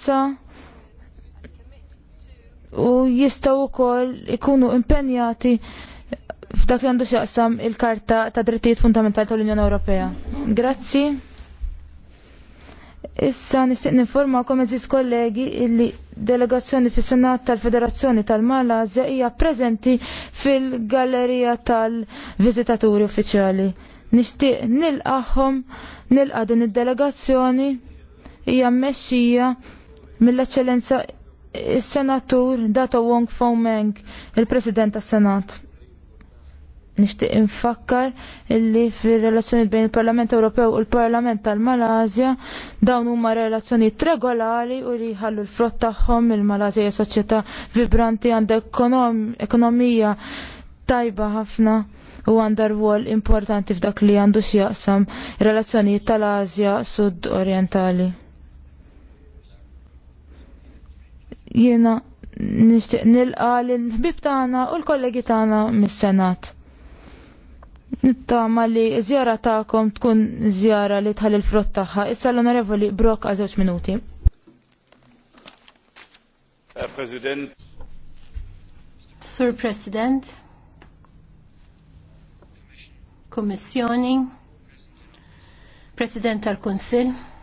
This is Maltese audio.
forza u jistaw ukoll ikunu impenjati f'dak li għandu xaqsam il-Karta ta' Drittijiet Fundamentali tal-Unjoni Ewropea. Grazzi. Issa nixtieq kom eżis kollegi illi delegazzjoni fis-Senat tal-Federazzjoni tal-Malazja hija preżenti fil-Gallerija tal-Viżitaturi Uffiċjali. Nixtieq nilqahom nilqa' din id-delegazzjoni hija mmexxija mill-eċċellenza is-senatur Dato Wong Fomeng, il-President tas-Senat. Nixtieq infakkar illi fir-relazzjoni bejn il-Parlament Ewropew u l-Parlament tal-Malasja dawn huma relazzjonijiet regolari u li ħallu l-frott tagħhom il-Malasja hija soċjetà vibranti għandha ekonomija tajba ħafna u għandha rwol importanti f'dak li għandu x'jaqsam relazzjonijiet tal-Asja Sud Orientali. Jiena nixtieq nilqa l-ħbib tagħna u l-kollegi tagħna mis-Senat. Nittama li żjara tagħkom tkun żjara li tħalli l-frott tagħha. Issa l-Onorevoli Brok għal żewġ minuti. President. Sur President, Kommissjoni, President tal-Konsil,